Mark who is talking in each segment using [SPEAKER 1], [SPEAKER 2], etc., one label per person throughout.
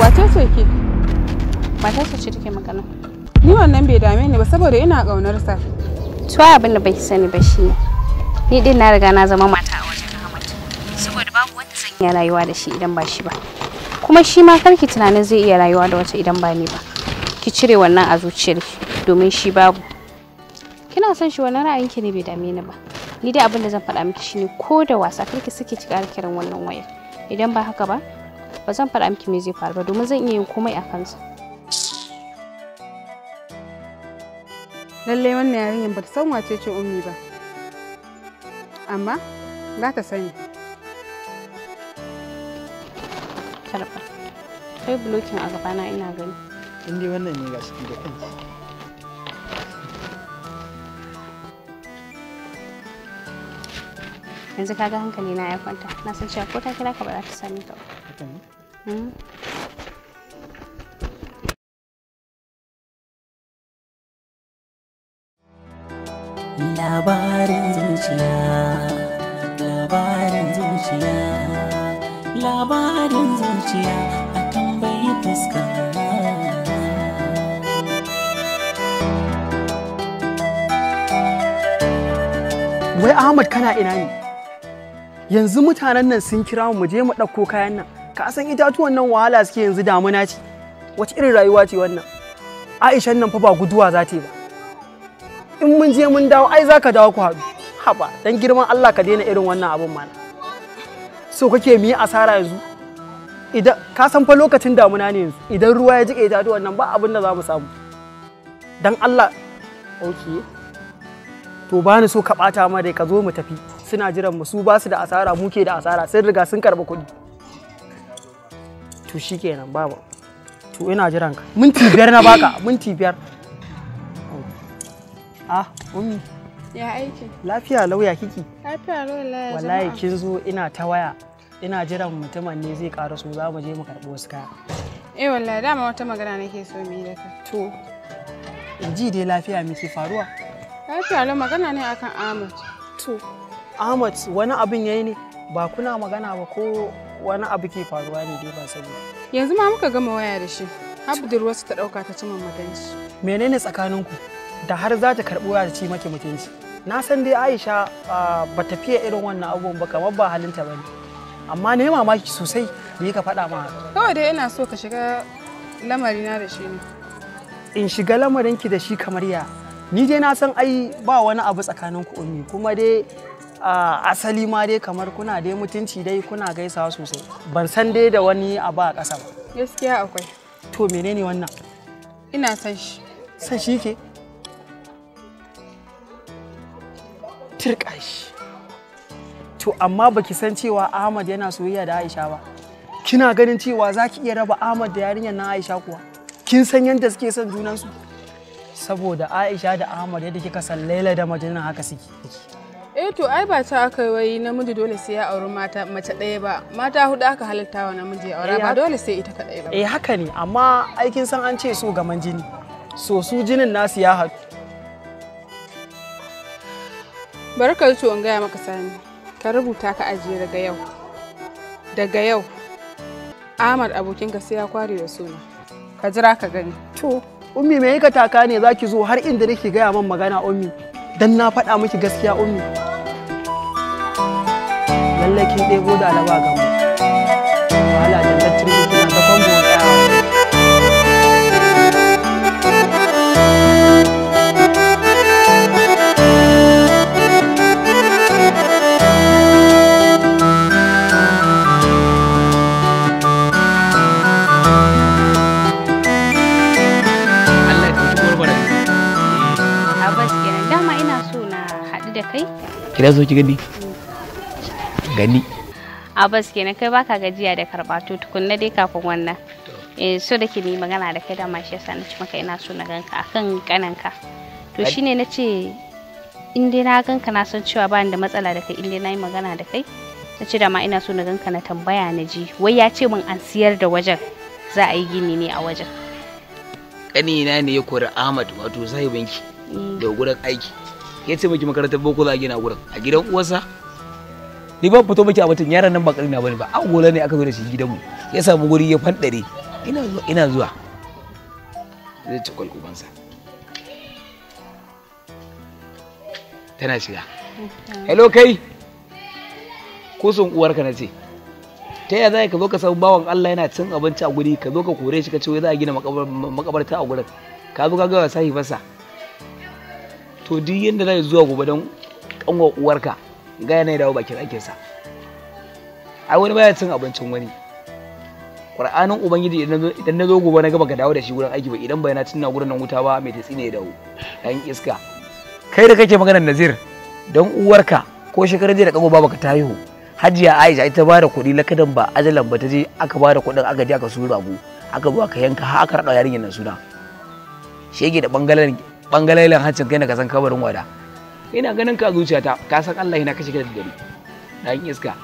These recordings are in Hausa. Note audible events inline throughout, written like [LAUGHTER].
[SPEAKER 1] wace ce ke Mata ce take magana ni wannan bai dame ni ba saboda ina ƙaunar sa
[SPEAKER 2] to abin da bai sani ba shi ni din na riga na zama mata a wajen Ahmad saboda babu wanda zan iya rayuwa da shi idan ba shi ba kuma shi ma karki tunanin zai iya rayuwa da wata idan ba ni ba ki cire wannan a zuciyarki domin shi babu kina son shi wannan ra'ayinki ne bai dame ni ba ni dai abin da zan faɗa miki shine ko da wasa karki suke ki ƙara kiran wannan wayar idan ba haka ba ba zan faɗa miki me zai faru ba domin zan iya yin komai a kansa
[SPEAKER 1] lallai wannan yarinyar ba ta san wace ce ummi ba amma za ta sani karɓa
[SPEAKER 2] kai blokin a gabana ina gani
[SPEAKER 3] in dai wannan ne ga shi da kanki
[SPEAKER 2] yanzu kaga hankali na ya kwanta na san cewa ko ta kira ka ba za ta sani ka
[SPEAKER 3] ba
[SPEAKER 2] Labarin
[SPEAKER 4] zuciya, labarin zuciya,
[SPEAKER 2] labarin zuciya
[SPEAKER 4] a tambayi fuska. Wai Ahmad kana ina ne? Yanzu mutanen nan sun kira mu je mu ɗauko kayan nan. ka san itatuwan nan wahala suke yanzu damuna ce wace irin rayuwa ce wannan aisha nan fa ba guduwa za ta yi ba in mun je mun dawo ai za ka dawo ku haɗu haba dan girman Allah ka daina irin wannan abun mana so kake mu asara yanzu idan ka san fa lokacin damuna ne yanzu idan ruwa ya jike itatuwan nan ba abin da za mu samu dan Allah okay to ba ni so ka ɓata ma dai ka zo mu tafi suna jiran mu su ba su da asara muke da asara sun riga sun karɓi kuɗi to shikenan babu to ina jiran ka minti biyar na baka minti biyar ah ummi ya aiki lafiya lauya kiki
[SPEAKER 1] lafiya lauya wallahi kin
[SPEAKER 4] zo ina ta waya ina jiran mutumin ne zai ƙara so za mu je mu karɓi wasu kaya
[SPEAKER 1] eh wallahi dama wata magana nake so mu yi da ka to
[SPEAKER 4] in ji dai lafiya miki faruwa
[SPEAKER 1] lafiya lauya magana ne akan Ahmad to Ahmad wani
[SPEAKER 4] abin yayi ne ba kuna magana ba ko wani abu ke faruwa ne dai ba sani yanzu ma muka gama waya da shi Abdul wasu ta ɗauka ta cimma mutunci menene tsakaninku da har za ta karbi waya ta ci maki mutunci na san dai aisha ba ta fiye irin wannan abubuwan ba kamar ba halinta ba ne amma ne mamaki sosai da ka faɗa ma
[SPEAKER 1] kawai dai ina so ka shiga lamarina da shi ne
[SPEAKER 4] in shiga lamarinki da shi kamar ya ni dai na san ai ba wani abu tsakanin tsakaninku ummi kuma dai asali ma dai kamar kuna dai mutunci dai kuna gaisawa sosai ban san dai da wani abu a ƙasa ba gaskiya akwai to menene wannan
[SPEAKER 1] ina san shi san shi ke turka shi
[SPEAKER 4] to amma baki san cewa Ahmad yana soyayya da Aisha ba kina ganin cewa zaki iya raba Ahmad da yarinyar na Aisha kuwa kin san yadda suke son junansu saboda Aisha da Ahmad yadda kika san Laila da Majnun haka suke
[SPEAKER 1] eh to ai ba ta aka wai namiji dole sai ya auri mata mace ɗaya ba mata hudu aka halitta wa namiji aure eh, ba dole sai ita kaɗai ba eh
[SPEAKER 4] haka ne amma aikin san an ce so gaman jini so su jinin nasu ya haɗu
[SPEAKER 1] barkar to an gaya maka sani ka rubuta ka ajiye daga yau daga yau Ahmad abokinka sai ya kware da suna ka jira ka gani
[SPEAKER 4] to ummi me ka taka ne zaki zo har inda nake gaya man magana ummi dan na faɗa miki gaskiya ummi lallai kin bo da alaba ga mu wala da lattin mutum ta
[SPEAKER 2] dama ina so na haɗu da kai.
[SPEAKER 5] Kira zo ki gani. gani
[SPEAKER 2] a abbas kenan kai baka gajiya da karba to tukunna dai kafin wannan eh so da ke ni magana da kai da ma shi yasa na ci maka ina so na ganka akan kananka to shine na ce in dai na ganka na san cewa ba da matsala da kai in dai na yi magana da kai na ce da ma ina so na ganka na tambaya na ji wai ya ce min an siyar da wajen za a yi gini ne a wajen
[SPEAKER 5] kanina ne ya kori ahmad wato sahibinki mm. da gurin aiki ya ce miki makarantar boko za a gina gurin a gidan uwarsa ni ba fito miki a batun yaran nan ba karina bane ba an gola ne aka zo da shi gidan mu. ya samu guri ya fandare ina zuwa ina zuwa zai ci kwalkubansa tana shiga hello kai Ko kusun uwarka na ce ta yaya za ka zo ka samu bawan Allah yana cin abinci a guri ka zo ka kore shi ka ce wai za a gina makabarta a gurin ka zo ka ga wasa fasa. to duk yadda za zuwa gobe don kanwa uwarka gaya na dawo bakin aikinsa ai wani baya cin abincin wani ƙur'anin ubangiji idan na zo gobe na gaba ka dawo da shi wurin aiki ba idan bai na cinna gurin nan wuta ba mai tatsi ne ya dawo dan iska kai da kake maganar nazir dan uwarka ko shekarar jiya da kago baba ka haihu? hajiya aisha ita ba da kuɗi lakadan ba ajalan ba ta je aka ba da kuɗin aka je aka suru aka zo ka yanka har aka raɗa yarinyar nan suna shege da bangalalen hancin kai na kasan kabarin wada ina ganin ka zuciyata ka san Allah yana kashe ka da dare dan iska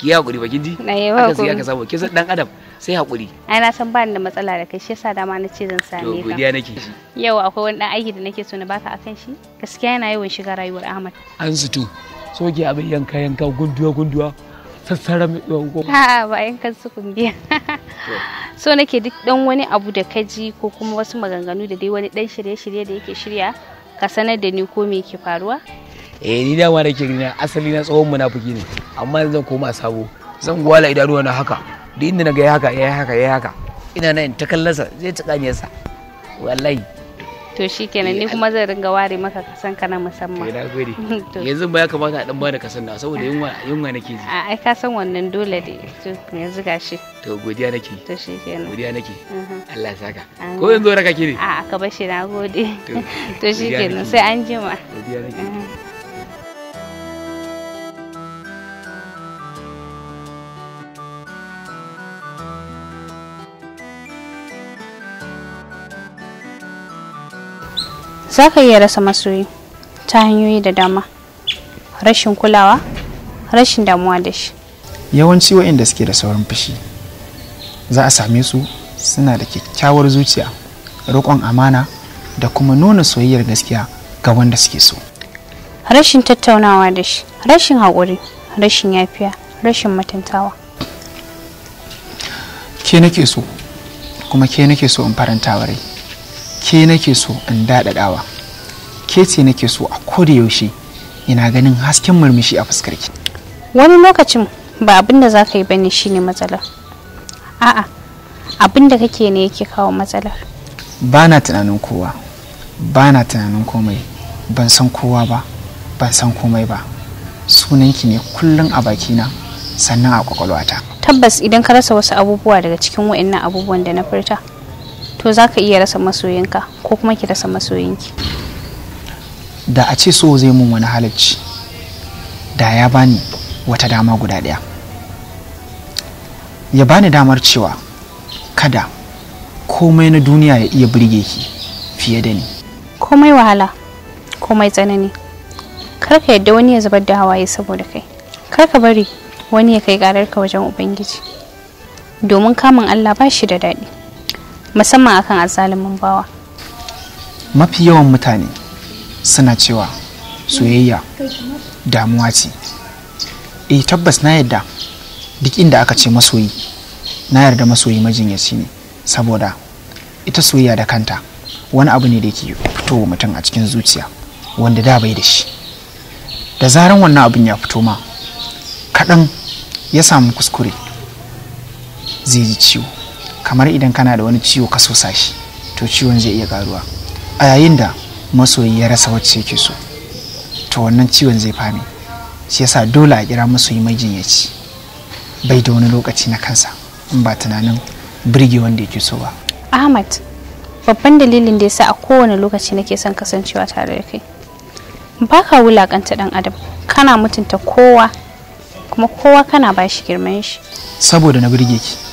[SPEAKER 5] ki ya hakuri bakin ji na yawa aka sai aka samu kisan dan adam sai hakuri
[SPEAKER 2] ai na san ba ni da matsala da kai shi yasa dama na ce zan same ka to godiya nake shi yau akwai wani dan aiki da nake so na baka akan shi gaskiya yana yawan shiga rayuwar Ahmad
[SPEAKER 5] an so soke abin yanka yanka gunduwa gunduwa sassara mai ko ha
[SPEAKER 2] ba yankan su kumbiya [LAUGHS] so nake duk dan wani abu da kaji ko kuma wasu maganganu da dai wani dan shirye-shirye da yake shirya ka sanar da ni ko me ke faruwa
[SPEAKER 5] eh ni dama da ke gina asali na tsohon munafiki ne amma yanzu zan koma sabo zan gwala idanuwa na haka duk inda na ga ya haka ya haka ya haka ina nan ta kallasa zai ci kanyarsa wallahi
[SPEAKER 2] to shi kenan ni eh, kuma zan ringa ware maka kasan ka na musamman eh, na
[SPEAKER 5] gode [LAUGHS] yanzu ba ya kamata a dan bada kasan na saboda yunwa yunwa nake ji
[SPEAKER 2] a ai ka san wannan dole da to yanzu gashi
[SPEAKER 5] to godiya nake to shi kenan godiya nake mhm. Allah ya saka ko yanzu raka ki ne
[SPEAKER 2] a ka bashi na gode to shi kenan sai an jima
[SPEAKER 5] godiya nake
[SPEAKER 2] za ka iya rasa masoyi ta hanyoyi da dama rashin kulawa rashin damuwa da shi
[SPEAKER 3] yawanci wa'inda suke da saurin fushi za a same su suna da kyakkyawar zuciya roƙon amana da kuma nuna soyayyar gaskiya ga wanda suke so
[SPEAKER 2] rashin tattaunawa da shi rashin haƙuri rashin yafiya rashin mutuntawa
[SPEAKER 3] ke nake so kuma ke nake so in faranta rai ke nake so in daɗaɗawa ke ce nake so a koda yaushe ina ganin hasken murmushi a fuskarki
[SPEAKER 2] wani lokacin ba abin da za ka yi bane shine matsalar a'a abin da kake ne yake kawo matsalar
[SPEAKER 3] ba na tunanin kowa ba na tunanin komai ban san kowa ba ban san komai ba sunanki ne kullum a bakina sannan a kwakwalwata
[SPEAKER 2] tabbas idan ka rasa wasu abubuwa daga cikin waɗannan abubuwan da na furta to za ka iya rasa masoyinka ko kuma ki rasa masoyinki
[SPEAKER 3] da a ce so zai mun wani halacci da ya bani wata dama guda ɗaya ya bani damar cewa kada komai na duniya ya iya birge ki fiye da ni
[SPEAKER 2] komai wahala komai tsanani kar ka yadda wani ya zubar da hawaye saboda kai kar ka bari wani ya kai karar ka wajen ubangiji domin kamun allah ba shi da daɗi musamman akan azalimin bawa
[SPEAKER 3] mafi yawan mutane suna cewa soyayya damuwa ce eh tabbas na yarda duk inda aka ce masoyi na yarda masoyi majinyaci ne saboda ita soyayya da kanta wani abu ne da ke fitowa mutum a cikin zuciya wanda da bai da shi da zaran wannan abin ya fito ma kaɗan ya samu kuskure zai ji ciwo kamar idan kana da wani ciwo ka so sashi to ciwon zai iya karuwa a yayin da masoyi ya rasa wacce yake so to wannan ciwon zai fami shi yasa dole a kira masoyi majinyaci bai da wani lokaci na kansa in ba tunanin birge wanda yake so ba
[SPEAKER 2] ahmad babban dalilin da yasa a kowane lokaci nake son kasancewa tare da kai ba ka wulakanta dan adam kana mutunta kowa kuma kowa kana ba shi girman shi
[SPEAKER 3] saboda na birge ki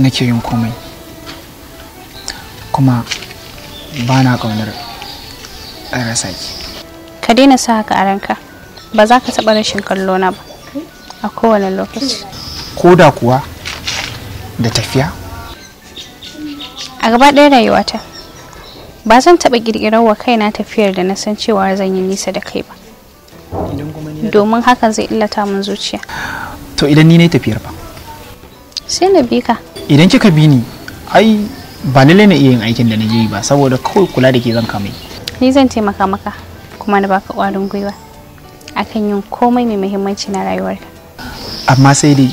[SPEAKER 3] nake yin komai kuma ba na ƙaunar rasa ki
[SPEAKER 2] ka daina sa haka a ranka ba za ka taɓa rashin kallona ba a kowane lokaci
[SPEAKER 3] ko da kuwa da tafiya
[SPEAKER 2] a gaba ɗaya rayuwata ba zan taɓa ƙirƙirar wa kaina tafiyar da na san cewa zan yi nisa da kai ba domin hakan zai illata min zuciya
[SPEAKER 3] to idan ni ne tafiyar ba
[SPEAKER 2] sai na bi ka
[SPEAKER 3] idan kika bi ni ai ba lalle na iya yin aikin da na je ba saboda kawai kula da ke zan kama
[SPEAKER 2] ni zan taimaka maka kuma na baka ƙwarin gwiwa akan yin komai mai muhimmanci na rayuwarka
[SPEAKER 3] amma sai dai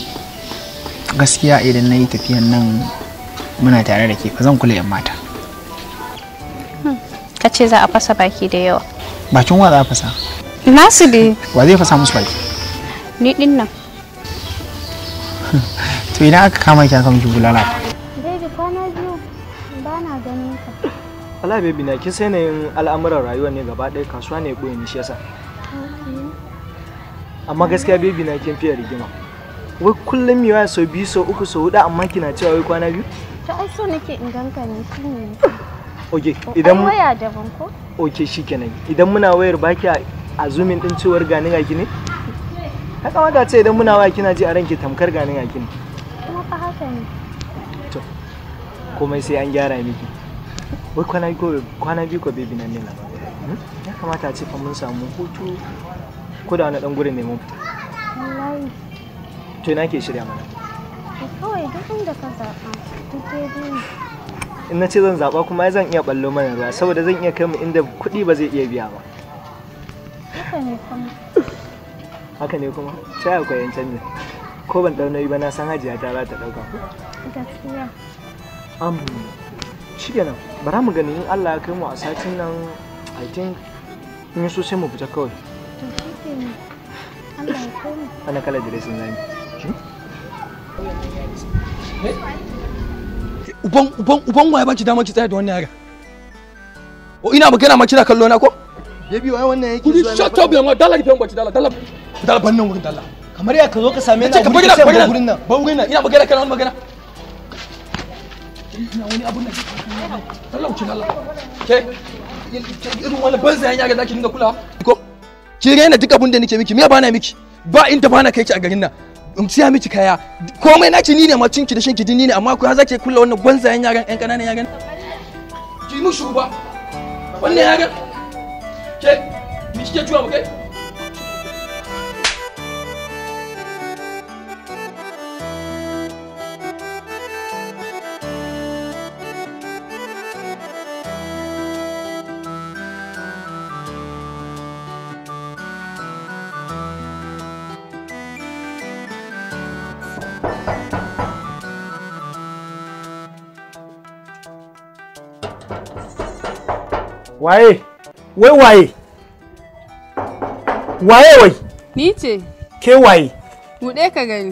[SPEAKER 3] gaskiya idan na yi tafiyan nan muna tare da ke fa zan kula yan mata
[SPEAKER 2] hmm, ka ce za a fasa baki da yawa
[SPEAKER 3] bakin wa za a fasa
[SPEAKER 2] nasu dai
[SPEAKER 3] wa zai fasa musu baki ni din nan [LAUGHS] to idan aka kama ki aka miki bulala
[SPEAKER 2] baby kwana biyu ba na ganin ka
[SPEAKER 6] wala baby na kin sai yin al'amuran rayuwa ne gaba ɗaya kasuwa ne ɓoye ni shi yasa amma gaskiya baby na kin fiye rigima wai kullum waya sau biyu sau uku sau huɗu amma kina cewa wai kwana biyu
[SPEAKER 2] ta ai so nake in ganka ne shi ne
[SPEAKER 6] oke idan waya daban ko oke kenan idan muna wayar baki a zumin din cewar gani gaki ne haka ma ce idan muna waya kina ji a ranke tamkar ganin gaki ne to komai sai an gyara miki wai kwana biyu kwana biyu ko bibi nan ne na hmm? ya kamata a ce fa mun samu hutu ko da wani dan gurin ne mun wallahi to ina ke shirya mana
[SPEAKER 7] kawai duk inda ka zaɓa duk daidai
[SPEAKER 6] in na ce zan zaɓa kuma zan iya ɓallo mana ruwa saboda zan iya kai mu inda kuɗi ba zai iya biya ba
[SPEAKER 7] haka ne kuma
[SPEAKER 6] haka ne kuma sai akwai yancan ne ko ban ɗau nauyi ba na san hajiya ta za ta ɗauka
[SPEAKER 7] Gaskiya.
[SPEAKER 6] shi nan, bara mu gani in Allah ya kai mu a satin nan, I think in yi so sai mu fita kawai. Ana kala zani. Hmm?
[SPEAKER 8] Uban uban uban waye damar da wannan yara? O ina magana ma kallo na ko? shut up ban nan wurin kamar ya ka zo ka same ni a ka sai ba nan ba gurin nan ina magana kana wani magana eh, ina wani abun nan Allah wuce Allah ke irin wani banza yanya ga zaki dinga kula ko ki raina duk abun da nake miki me bana miki ba in ta bana kai ki a garin nan in siya miki kaya komai na ci ni ne ma cinki da shinki ni ne amma ku za ke kula wannan yan yaran yan kananan yaran ki mushu ba, wannan yaran ke ni kike juwa mu kai
[SPEAKER 3] Waye? Wai waye? Waye wai? Ni ce. Ke waye?
[SPEAKER 1] Buɗe ka gani.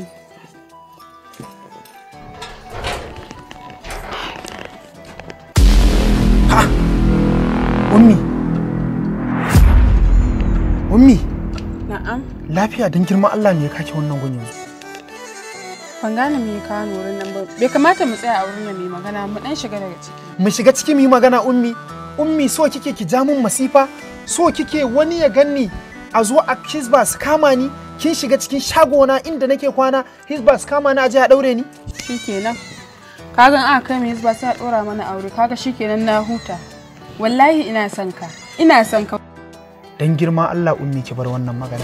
[SPEAKER 3] Ha! Ummi. Ummi. Na'am. Lafiya don girman Allah ne ya kake wannan gun
[SPEAKER 1] Ban gane me ya kawo wurin nan ba. Bai kamata mu tsaya a wurin nan mai magana mu dan shiga daga ciki.
[SPEAKER 3] Mu shiga ciki mu yi magana ummi. ummi so kike ki ja mun masifa so kike wani ya ganni a zo a hisba su kama ni kin shiga
[SPEAKER 1] cikin shagona inda nake kwana hisba su kama ni a je a daure ni shikenan aka kai mu hisba sai a dora mana aure kaga shikenan na huta wallahi ina son ka ina son ka
[SPEAKER 3] dan girma Allah ummi ki bar wannan magana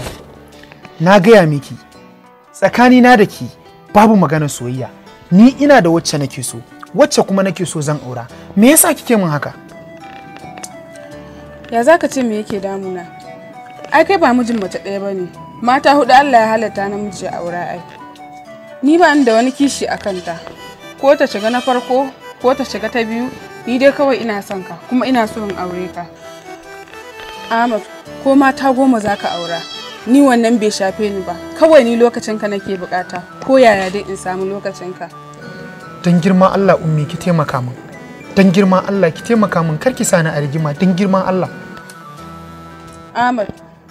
[SPEAKER 3] na gaya miki tsakani na da ki babu maganar soyayya ni ina da wacce nake so wacce kuma nake so zan aura me yasa kike min haka
[SPEAKER 1] Ya za ka ce me yake damuna? Ai kai ba mijin mace ɗaya ba ne. Mata hudu Allah ya halatta namiji a aura ai. Ni ba da wani kishi a kanta. Ko ta shiga na farko, ko ta shiga ta biyu, ni dai kawai ina son ka, kuma ina so in aure ka. Ahmad, ko mata goma za ka aura. Ni wannan bai shafe ni ba. Kawai ni lokacinka nake bukata. Ko yaya dai in samu lokacinka.
[SPEAKER 3] Don girma Allah ummi ki taimaka min. don girman Allah ki taimaka min kar ki sani a rigima don girman Allah
[SPEAKER 1] Amar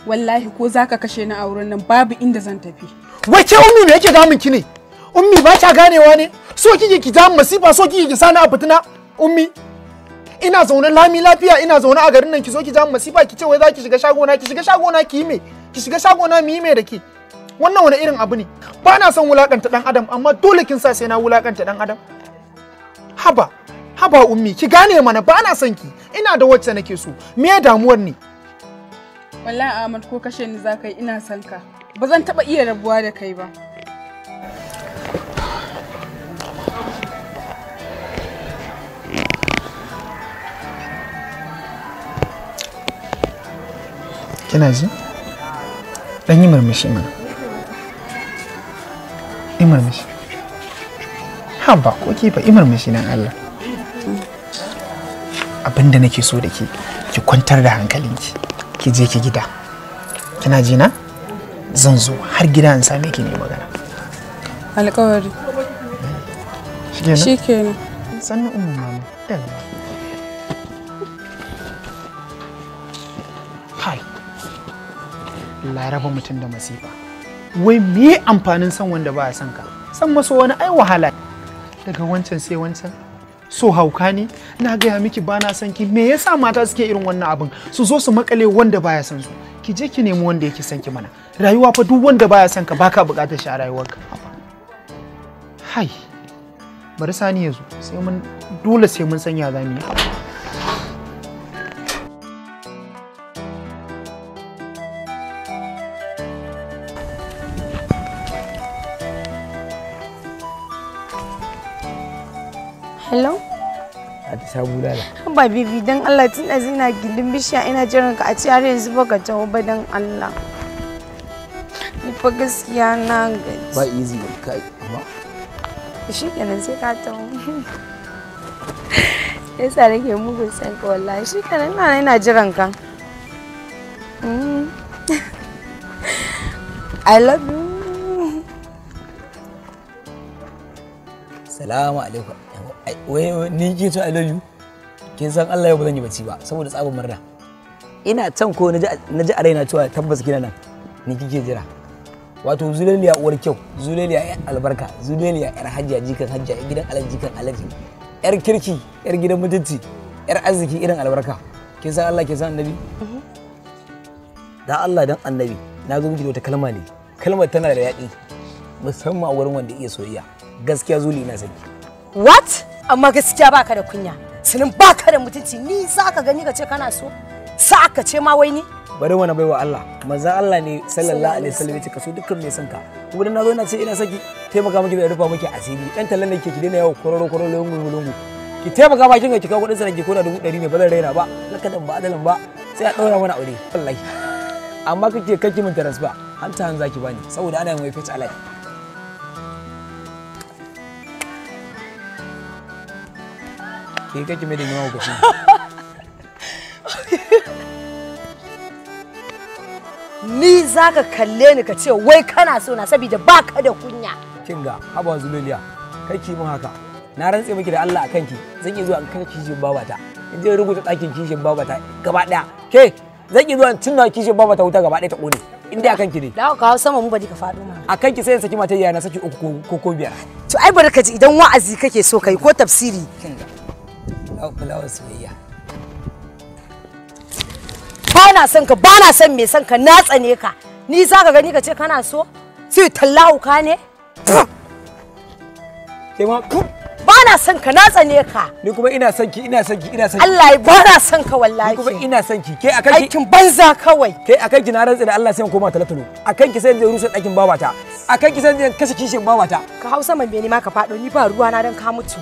[SPEAKER 1] wallahi ko zaka kashe ni a wurin nan babu inda zan tafi
[SPEAKER 3] Wace ummi me yake damun ki ne
[SPEAKER 1] ummi ba ta ganewa ne so kike ki ja masifa
[SPEAKER 3] so kike ki sani a fitina ummi ina zaune lami lafiya ina zaune a garin nan ki zo ki ja masifa ki ce wai za ki shiga shagona ki shiga shagona ki yi me ki shiga shagona mi me da ke wannan wani irin abu ne ba na son wulakanta dan adam amma dole kin sa sai na wulakanta dan adam haba haba ummi ki gane mana ba na son ki ina da wacce nake so me damuwar ne
[SPEAKER 1] wallahi Ahmad ko kashe ni za ina son ka ba zan taba iya rabuwa da kai ba
[SPEAKER 3] kina ji dan yi murmushi mana yi murmushi ha ba ko ke ba yi murmushi nan Allah abin da nake so da ke ki kwantar da hankalinki ki je ki gida kina ji na zan zo har gida in same ki ne magana
[SPEAKER 1] alƙawari shikenan sannu umma mama
[SPEAKER 3] hai laraba mutum da masifa wai me amfanin san wanda ba ya san ka san maso wani ai wahala daga wancan sai wancan so hauka ne na gaya miki bana sanki ki me yasa mata suke irin wannan abin su zo su makale wanda baya san su ki je ki nemi wanda yake san ki mana rayuwa fa duk wanda baya san ka baka bukatar shi a rayuwarka hai bari sani yazo sai mun dole sai mun sanya zamu
[SPEAKER 9] hello
[SPEAKER 5] a ta sha bulala
[SPEAKER 9] ba bibi don allah tun da zina gindin bishiya ina jiran ka a ci har yanzu ba ka jawo ba don allah ni fa gaskiya na gaji ba
[SPEAKER 5] easy ba ka ba
[SPEAKER 9] shi kenan sai ka taho yasa nake mugun san ka wallahi shi kenan ina ina jiran ka mm. [LAUGHS] I love you.
[SPEAKER 5] Salamu alaikum. wai ni ke so I love you kin san Allah yau ba zan yi bacci ba saboda tsabin murna ina can ko na ji a raina cewa tabbas kina nan ni kike jira wato zuleliya uwar kyau zuleliya yar albarka zuleliya yar hajjia jikan hajjia yar gidan alaji jikan alaji yar kirki yar gidan mutunci yar arziki irin albarka kin san Allah ke san annabi mm-hmm. da Allah dan annabi na zo miki da wata kalma ne kalmar tana da yadi musamman a wurin wanda iya soyayya gaskiya zuli na sani what
[SPEAKER 9] amma gaskiya baka da kunya sanin baka da mutunci ni za ka gani ka ce kana so sa ka ce ma wai ni
[SPEAKER 5] bari wani baiwa Allah manzan Allah ne sallallahu alaihi wasallam ya ce so dukkan mai ka kuma na zo na ce ina saki taimaka miki da rufa miki asiri dan tallan da ke ki daina yawo kororo kororo lungu lungu ki taimaka ma kinga ki kawo kudin sanan ki kona dubu ɗari ne ba zan raina ba lakadan ba adalan ba sai a daura mana aure wallahi amma kake kake min transfer hanta hanza ki bani saboda ana mai fetch alai ke kake mai da ni mahaukaci
[SPEAKER 9] ni zaka kalle ni ka ce wai kana so na saboda ba ka da kunya
[SPEAKER 5] kinga haba zululiya kai ki mun haka na rantse miki da Allah akan ki zan iya zuwa in kai kishin babata in je rubuta ɗakin kishin babata gaba ɗaya ke zan iya zuwa in cinna kishin babata wuta gaba ɗaya ta ƙone in dai akan ki ne
[SPEAKER 9] da ka hau sama mu ba ka faɗo
[SPEAKER 5] ma. akan ki sai in saki matar yana saki uku ko ko biyar to ai bari ka ji idan wa'azi kake so kai ko tafsiri kinga kulawa soyayya
[SPEAKER 9] ba na son ka ba na son me son ka na tsane ka ni za ka gani ka ce kana so sai tallahu ka ne ke ma ba na son
[SPEAKER 5] ka na tsane ka ni kuma ina son ki ina son ki ina son ki Allah ba na son ka wallahi ni kuma ina son ki ke akan ki aikin banza kawai ke akan ki na rantsa da Allah sai koma talatalo akan ki sai zai rusa dakin babata akan ki sai zai kashe kishin babata
[SPEAKER 9] ka hausa man bene ma ka fado ni ba ruwa na dan ka mutu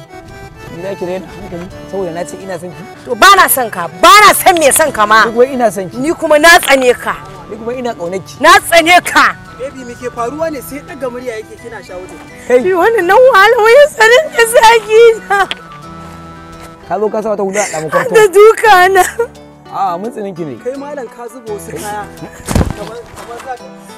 [SPEAKER 9] ni za ki hankali saboda na ce ina son ki to ba na son ka ba na son me son ka ma ni kuma ina son ki ni kuma na tsane ka ni kuma ina kaunar ki na tsane ka
[SPEAKER 4] baby me ke faruwa ne sai daga murya yake kina shawo
[SPEAKER 5] kai ni wannan nan wahala wai sanin da zaki na ka zo ka sa wata huda da makarto da duka na a mun tsinin ki ne kai
[SPEAKER 4] malam ka zubo su kaya kamar kamar zaka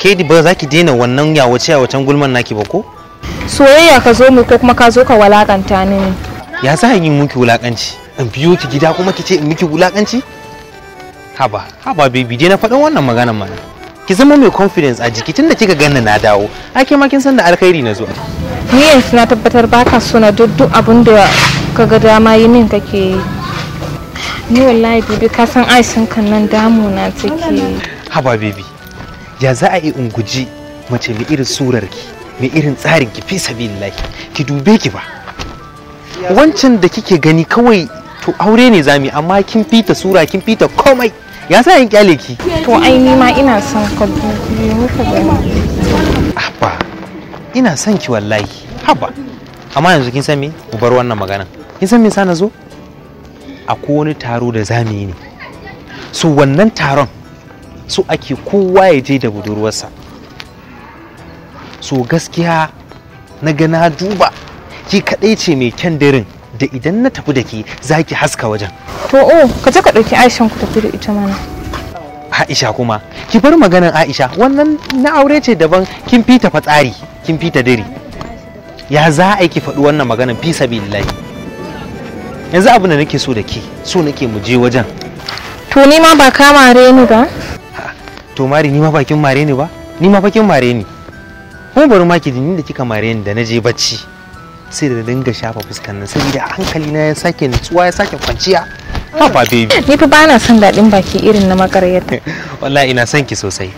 [SPEAKER 10] ke ba za ki daina wannan yawace yawacen gulman naki ba ko
[SPEAKER 1] soyayya ka zo mu ko kuma ka zo ka walakanta ni ne
[SPEAKER 10] ya za yi muki wulakanci in biyo ki gida kuma ki ce in miki wulakanci haba haba baby dai na faɗin wannan maganar mana ki zama mai confidence a jiki tunda kika ganna na dawo ake ma
[SPEAKER 2] kin san da alkhairi na zo ni yanzu na tabbatar baka so na duk abin da ka ga dama yi min kake yi ni wallahi bibi ka san aishin kan nan na take
[SPEAKER 10] haba baby ya za a yi unguji mace mai irin surar ki mai irin tsarin ki fi sabilillahi ki dube ki ba wancan da kike gani kawai to aure ne zami amma kin fita sura kin fita komai ya sa yin kyale ki
[SPEAKER 1] to ai ni ma ina son ka muka gani
[SPEAKER 10] haba ina son ki wallahi haba amma yanzu kin san me mu bar wannan maganan kin san me sa na zo akwai wani taro da zamu ne so wannan taron so ake kowa ya je da budurwarsa so gaskiya na ga na duba ki kaɗai ce mai kyan dirin da idan na tafi da ke za ki haska wajen
[SPEAKER 1] to o oh, ka je ka ɗauki aishan ku tafi da ita mana
[SPEAKER 10] aisha kuma ki bar maganar aisha wannan na aure ce daban kin fita fatsari kin fita diri ya za a yi ki faɗi wannan maganar fi sabilillahi yanzu abin da nake so da ke so nake mu je wajen
[SPEAKER 2] to ni ma ba kama reni ba
[SPEAKER 10] to mari ni ma bakin mare ne ba ni ma bakin mare ne kuma bari ma ki da kika mare ni da na je bacci sai da dinga shafa fuskar nan saboda hankali na ya sake nutsuwa ya sake kwanciya ba baby eh, ni fa bana son dadin baki
[SPEAKER 1] irin na makaryata
[SPEAKER 10] [LAUGHS] wallahi ina son ki sosai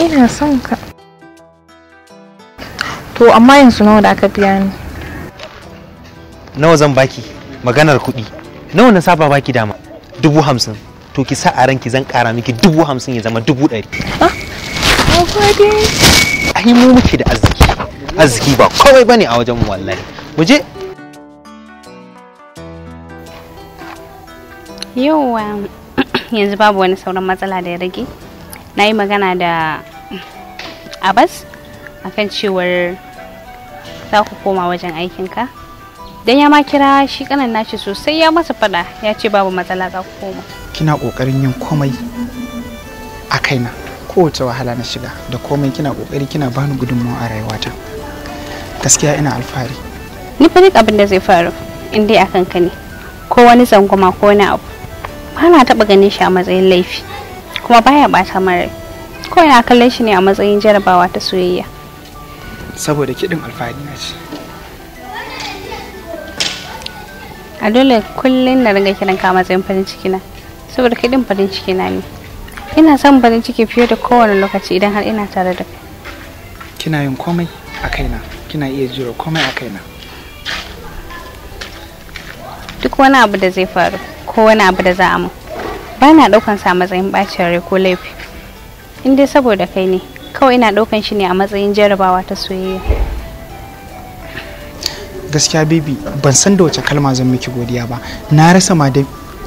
[SPEAKER 1] ina son ka to amma yanzu nawa da aka biya ni
[SPEAKER 10] nawa zan baki maganar kuɗi nawa na saba baki dama dubu hamsin to ki sa a ranki zan kara miki dubu hamsin ya zama dubu ɗari. Ah, Ai mu muke da arziki. Arziki ba kawai bane a wajen mu wallahi. Mu je.
[SPEAKER 2] [CLEARS THROAT] yanzu babu wani sauran matsala da ya rage. Na yi magana da Abbas kan cewar za ku koma wajen aikinka. Dan ya ma kira shi kanan nashi sosai ya masa fada ya ce babu matsala za ku koma.
[SPEAKER 3] kina ƙoƙarin yin komai a kaina kowace wahala na shiga da komai kina ƙoƙari kina bani gudunmawa a rayuwata gaskiya ina alfahari
[SPEAKER 2] ni fa duk abin da zai faru in dai akan ka ne ko wani zanguma ko wani abu ba na taɓa ganin shi a matsayin laifi kuma baya ɓata mara ko ina kallon shi ne a matsayin jarabawa ta soyayya
[SPEAKER 3] saboda kiɗin alfahari na ce
[SPEAKER 2] a dole kullum na ringa kiran ka matsayin farin ciki na saboda kai din farin ciki na ne ina son farin ciki fiye da kowane lokaci idan har ina tare da kai
[SPEAKER 3] kina yin komai a kaina kina iya jira komai a kaina
[SPEAKER 2] duk wani abu da zai faru ko wani abu da za a mu ba na daukan sa matsayin bacin rai ko laifi in dai saboda kai ne kawai ina daukan shi ne a matsayin jarabawa ta soyayya
[SPEAKER 3] gaskiya bibi, ban san da wace kalma zan miki godiya ba na rasa ma da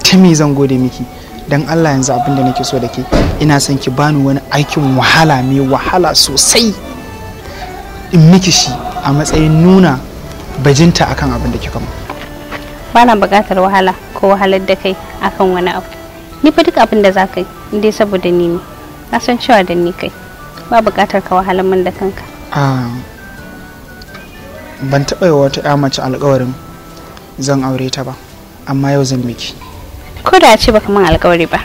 [SPEAKER 3] ta me zan gode miki dan Allah yanzu abin da nake so da ke ina son ki bani wani aikin wahala mai wahala sosai in miki shi a matsayin nuna bajinta akan abin da kika mu
[SPEAKER 2] ba na buƙatar wahala ko wahalar da kai akan wani abu ni fa duk abin da za ka yi indai saboda ni ne na san cewa da ni kai ba buƙatar ka wahalar min da kanka
[SPEAKER 3] ban taɓa yi wata ya mace alƙawarin zan aure ta ba amma yau zan miki
[SPEAKER 2] ko da ce baka min alkawari ba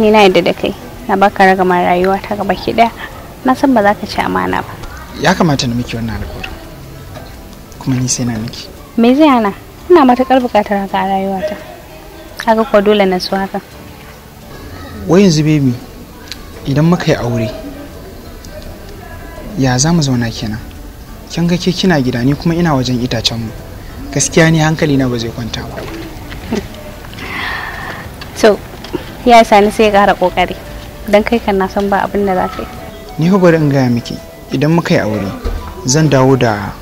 [SPEAKER 2] ni na yadda da kai na baka ragamar rayuwa ta gaba ki daya na san ba za ka ci amana ba
[SPEAKER 3] ya kamata na miki wannan alkawarin kuma ni sai na miki
[SPEAKER 2] me zai hana ina matakar bukatar haka a rayuwata haka kuwa dole na su haka
[SPEAKER 3] wai yanzu bebi idan muka yi aure ya za mu zauna kenan kin ga ke kina gida ni kuma ina wajen itacen mu gaskiya ni hankali na ba zai kwanta ba
[SPEAKER 2] so ya sani sai ya kara kokari don kai kan na san ba abin da za ka
[SPEAKER 3] yi ni bari in gaya miki idan muka yi aure zan dawo da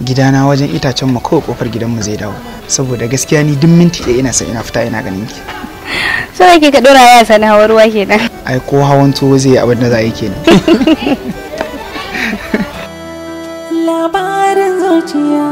[SPEAKER 3] gidana wajen itacen mu kawai kofar gidanmu zai dawo saboda gaskiya ni duk minti ɗaya ina son ina fita ina ganin ki
[SPEAKER 2] sai da ke ka dora ya sani hawa ruwa kenan
[SPEAKER 3] ai ko hawan tuwo zai abin da za a yi kenan
[SPEAKER 2] [LAUGHS] [LAUGHS] labarin zuciya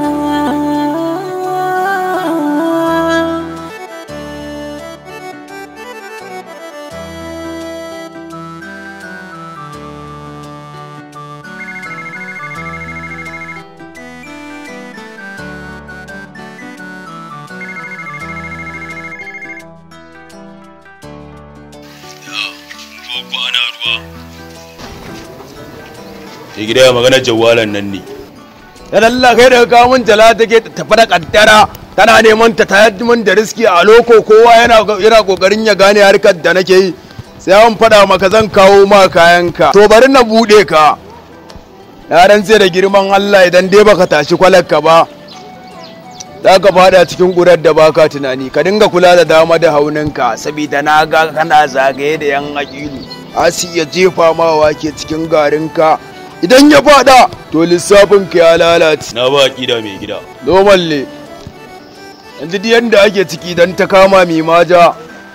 [SPEAKER 11] gida magana jawalan nan ne dan Allah kai daga kawo min jala take tafi da kaddara tana neman ta tayar min da riski a loko kowa yana yana kokarin ya gane harkar da nake yi sai an faɗa maka zan kawo ma kayanka to bari na buɗe ka na rantse da girman Allah idan dai baka tashi kwalarka ba za ka fada cikin ƙurar da baka tunani ka dinga kula da dama da hauninka saboda na ga kana zagaye da yan aƙilu a ya iya jefa ma wake cikin garinka idan ya fada to lissafin ka ya lalace na ba kida mai gida lomalle yanzu duk yanda ake ciki dan ta kama mai maja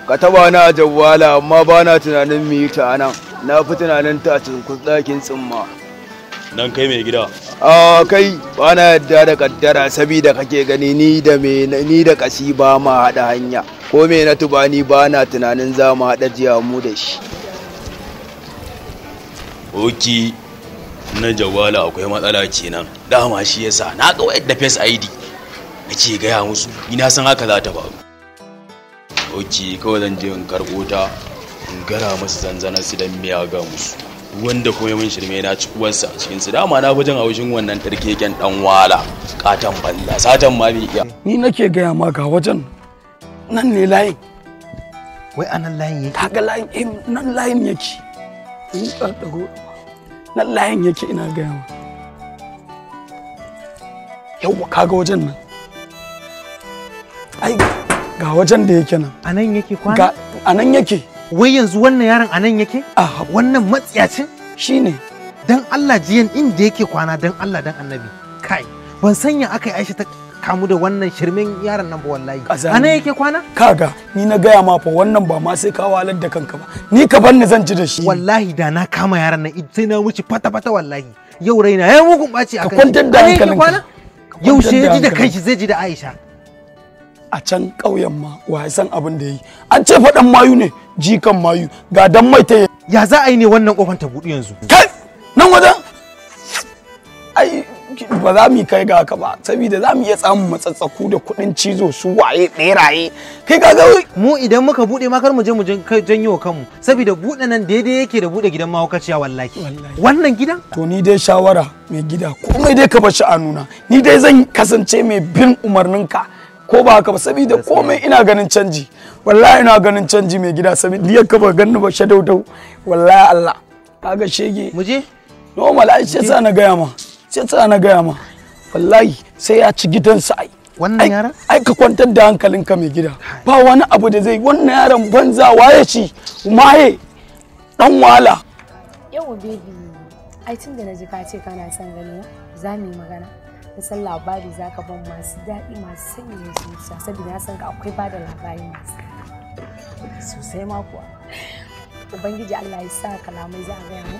[SPEAKER 11] ka taba na a jawwala amma ba na tunanin mu yi ta nan na fi tunanin ta cikin ɗakin tsimma nan kai mai gida a kai ba na yadda da kaddara sabida kake gani ni da mai ni da kashi ba ma haɗa hanya ko me na tuba ni ba na tunanin za mu haɗa jiya mu da shi Oki. na jawala akwai matsala kenan dama shi yasa na ga wayar da face id ga ya musu ina san haka za ta faru oke kawai zan je in karbo ta in gara musu zanzana su dan miya ga musu wanda kuma yamin shirme na ci uwarsa a cikin su dama na wajen haushin wannan tarkeken dan wala katan balla satan ma bai iya
[SPEAKER 8] ni nake gaya ma ga wajen nan ne layin wai anan layin yake ga layin nan layin yake in ka nan layin yake ina gaya ma yau kaga wajen nan ai ga wajen da yake nan a nan yake kwana a nan yake wai yanzu wannan yaron a nan yake a wannan matsiyacin
[SPEAKER 10] shine dan Allah jiyan inda yake kwana dan Allah dan annabi kai ban sanya aka
[SPEAKER 8] yi aisha ta kamu da wannan shirmin yaron nan ba wallahi a yake kwana kaga ni na gaya ma fa wannan ba ma sai ka walar da kanka ba ni ka bar ni zan ji da shi wallahi da na kama yaron nan sai na wuce fata fata wallahi yau raina ya mugun ɓaci a kan kwantar da hankalinka yau shi ya ji da kanshi zai ji da Aisha a can ƙauyen ma wa ya san abin da yi an ce fa dan mayu ne jikan mayu ga dan mai ta ya za a yi ne wannan kofar ta buɗe yanzu kai nan wajen ai ba za mu kai ga haka ba saboda za mu iya samun matsatsaku da kuɗin cizo su waye ɓeraye kai ga mu idan
[SPEAKER 10] muka buɗe ma kar mu je mu janyo kanmu saboda buɗe nan daidai yake da buɗe gidan mahaukaciya wallahi
[SPEAKER 8] wannan gidan to ni dai shawara mai gida komai dai ka bar nuna ni dai zan kasance mai bin umarninka ko ba haka ba saboda komai ina ganin canji wallahi ina ganin canji mai gida saboda ni ka ba ganni ba shadaudau dau wallahi Allah kaga shege muje normal ai sai na gaya ma sai sa na gaya ma wallahi sai ya ci gidansa ai wannan yaran ai ka kwantar da hankalinka mai gida ba wani abu da zai wannan yaran banza waye ci maye dan wala
[SPEAKER 9] yau bebi ai tun da na ji ka ce kana son gani za mu yi magana na labari za ka ban masu daɗi masu sanyaya zuciya saboda na san ka akwai bada da labari masu sosai ma kuwa ubangiji allah ya sa kalamai za a gaya mu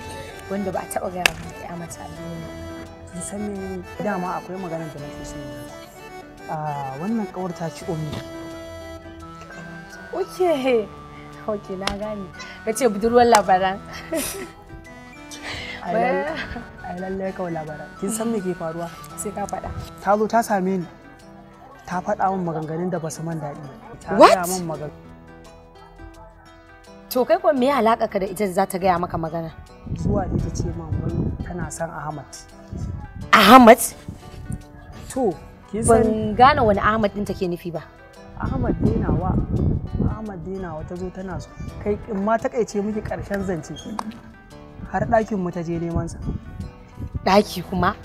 [SPEAKER 4] wanda ba a taba gaya mu a mata a duniya kin san me dama akwai maganar da nake son a ah, wannan kawar ta ci omi oke
[SPEAKER 9] oke na gane ka ce budurwar labaran
[SPEAKER 4] ai lallai kawai labaran kin san me ke faruwa sai ka faɗa ta zo ta same ni ta faɗa min maganganun da ba su man daɗi
[SPEAKER 9] to kai kuma me alaƙa ka da ita za ta gaya maka magana
[SPEAKER 4] zuwa ne ta ce man wani tana son Ahmad
[SPEAKER 9] Ahmad? To, ban gane
[SPEAKER 4] wani Ahmad ɗin take nufi ba. Ahmad Dinawa, Ahmad Dinawa ta zo tana so. Kai in ma takaice miki karshen zance. Har ɗakin mu ta je neman sa. Ɗaki kuma?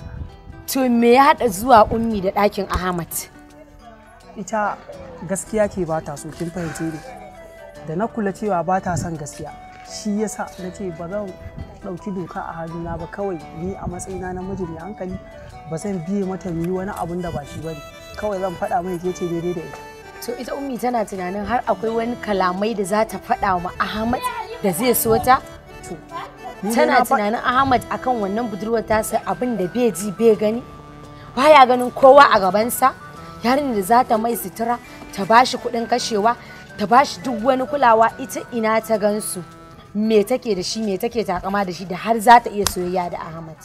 [SPEAKER 4] To me ya haɗa zuwa ummi da ɗakin Ahmad? Ita gaskiya ke ba ta so kin fahimce ni. Da na kula cewa ba ta son gaskiya. Shi yasa nace ba zan ɗauki doka a hannuna ba kawai ni a matsayina na mijin hankali ba zan biye mata ni wani abun da ba shi ba ne kawai zan faɗa mai ke ce daidai da ita. to ita ummi tana tunanin har akwai wani
[SPEAKER 9] kalamai da za ta faɗa wa ahmad da zai so ta tana tunanin ahmad akan wannan budurwar tasa abin da bai ji bai gani baya ganin kowa a gabansa yarin da za ta mai sutura ta bashi kuɗin kashewa ta bashi duk wani kulawa ita ina ta gansu. me take da shi me take takama da shi da har za ta
[SPEAKER 4] iya soyayya da Ahmad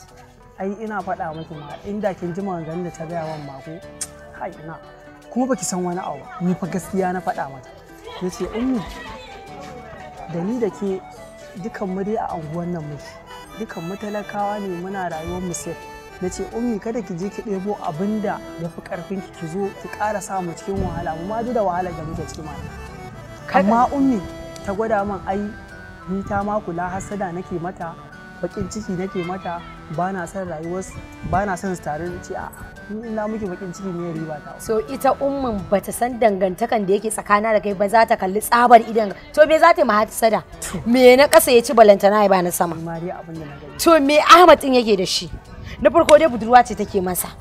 [SPEAKER 4] ai ina faɗa miki ma inda kin ji maganganun da ta gaya wa mako kai ina kuma baki san wani abu ni fa gaskiya na faɗa mata yace ummi da ni da ke dukan mu dai a anguwan nan muke dukan mu talakawa ne muna rayuwar mu sai na ce ummi kada ki je ki ɗebo abinda da ya fi karfin ki zo ki ƙara sa mu cikin wahala mu ma da wahala da mu ciki ma amma ummi ta gwada min ai ni ta ma kula hasada nake mata bakin ciki nake mata ba na son rayuwarsu ba na son tarin tare ce a in na miki bakin
[SPEAKER 9] ciki ne riba ta so ita umman bata san dangantakan da yake tsakana da kai ba za ta kalli tsabar idan to me za ta ma hasada me na kasa ya ci balantana ya ba na sama to me Ahmad din yake da shi na farko dai budurwa ce take masa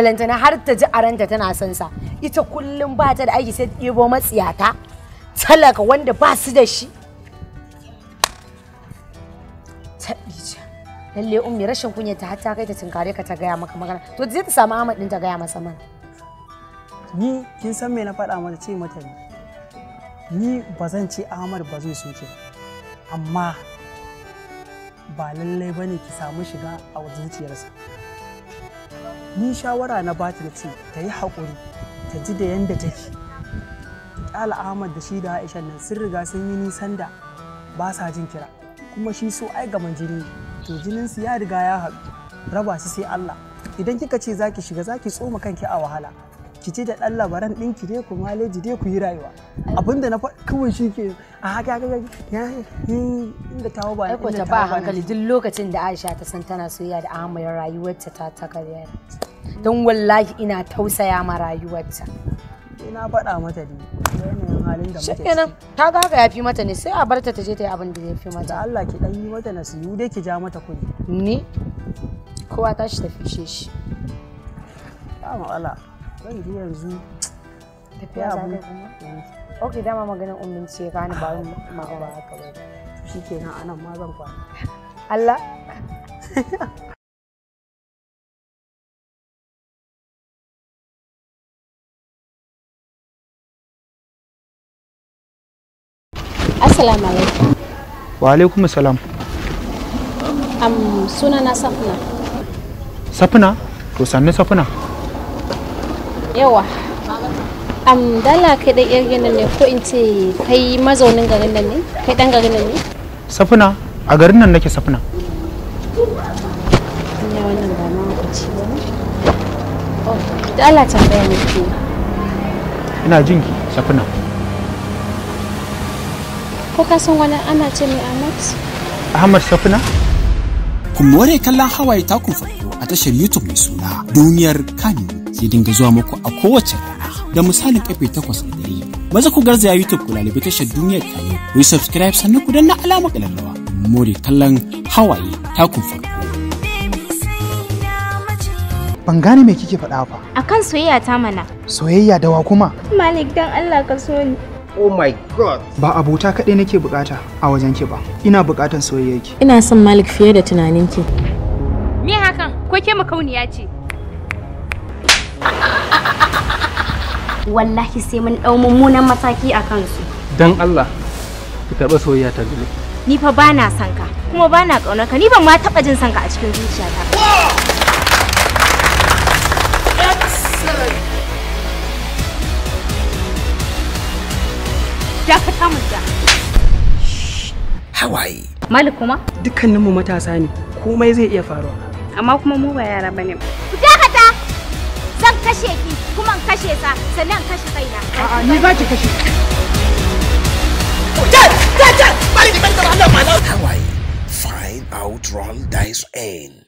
[SPEAKER 9] balantana har ta ji aranta tana son sa ita kullum ba ta da aiki sai ɗebo matsiyata talaka wanda ba su da shi lalle ummi rashin kunya ta hatta kai ta tinkare ka ta gaya maka magana to zai ta samu Ahmad din ta gaya
[SPEAKER 4] masa mana ni kin san me na faɗa mata ce mata ne ni ba zan ce Ahmad ba zai so ki amma ba lallai bane ki samu shiga a zuciyarsa ni shawara na bata da ce ta yi haƙuri ta ji da yanda take ƙyala Ahmad da shi da Aisha nan sun riga sun yi nisan da ba sa jin kira kuma shi so ai gaman jini to jinin su ya riga ya haɗu raba su sai Allah idan kika ce zaki shiga zaki tsoma kanki a wahala ki ce da ɗan labaran ɗin ki dai ku maleji dai ku yi rayuwa abinda na faɗi kawai shi ke a haka ga ya inda tawo ba inda ba hankali duk
[SPEAKER 9] lokacin da Aisha ta san tana soyayya da Ahmad rayuwarta ta ta karyar don wallahi ina tausaya ma rayuwarta
[SPEAKER 4] sai na faɗa mata dai yanayin halin da muke
[SPEAKER 9] ta ga haka yafi mata ne sai a barta ta je ta yi abin da yafi mata da Allah ki dan yi mata nasihu dai ki ja mata kuɗi ni kowa tashi ta fishe shi ba matsala zan je yanzu tafiya za ka ok dama maganin ce ka ni ba haka ba shi kenan anan ma zan kwana Allah
[SPEAKER 7] [LAUGHS]
[SPEAKER 2] Assalamu alaikum.
[SPEAKER 3] Wa alaikum salam.
[SPEAKER 2] Am suna na safina.
[SPEAKER 3] safina To sanne Safna.
[SPEAKER 2] Yawa. Am dala kai da yar ganin ne ko in ce kai mazaunin garin nan ne? Kai dan garin nan ne?
[SPEAKER 3] Safna, a garin nan nake Safna.
[SPEAKER 2] Ya wannan ba ma ku ci Oh, dala
[SPEAKER 3] Ina jinki, Safna.
[SPEAKER 2] ko ka san wani ana ce mai ahmad
[SPEAKER 3] ahmad safina Kun more kallon hawaye takun farko a tashar youtube mai suna duniyar kano sai dinga zuwa muku a kowace rana da misalin karfe takwas da dare maza ku garzaya youtube ku lalibi tashar duniyar kano ku yi subscribe sannan ku danna alamar kalalrawa more kallon hawaye takun farko ban gane me kike faɗa ba.
[SPEAKER 2] A kan soyayya ta mana.
[SPEAKER 3] Soyayya da wa kuma?
[SPEAKER 2] Malik dan Allah ka so ni. Oh my
[SPEAKER 3] God! Ba abota kaɗai nake bukata a wajen ki ba. Ina bukatan soyayyaki.
[SPEAKER 2] Ina son Malik fiye da tunaninki. Me hakan? Ko ke makauniya ce? Wallahi sai mun ɗau mummunan mataki a kansu.
[SPEAKER 3] Dan Allah, ki karɓa soyayya ta Ni fa ba na son ka, kuma ba na ƙaunar ka, ni ban ma taɓa jin sanka a cikin zuciyata.
[SPEAKER 2] dakata mu da hawaii.
[SPEAKER 4] mali kuma dukkanin dukkaninmu matasa ne
[SPEAKER 2] komai zai iya faruwa amma kuma mu ba yara bane ku dakata zan
[SPEAKER 5] kashe ki kuma in kashe sa sannan kashe kaina a'a
[SPEAKER 2] ni za ki kashe
[SPEAKER 5] Hawaii,
[SPEAKER 1] find out
[SPEAKER 8] roll dice end.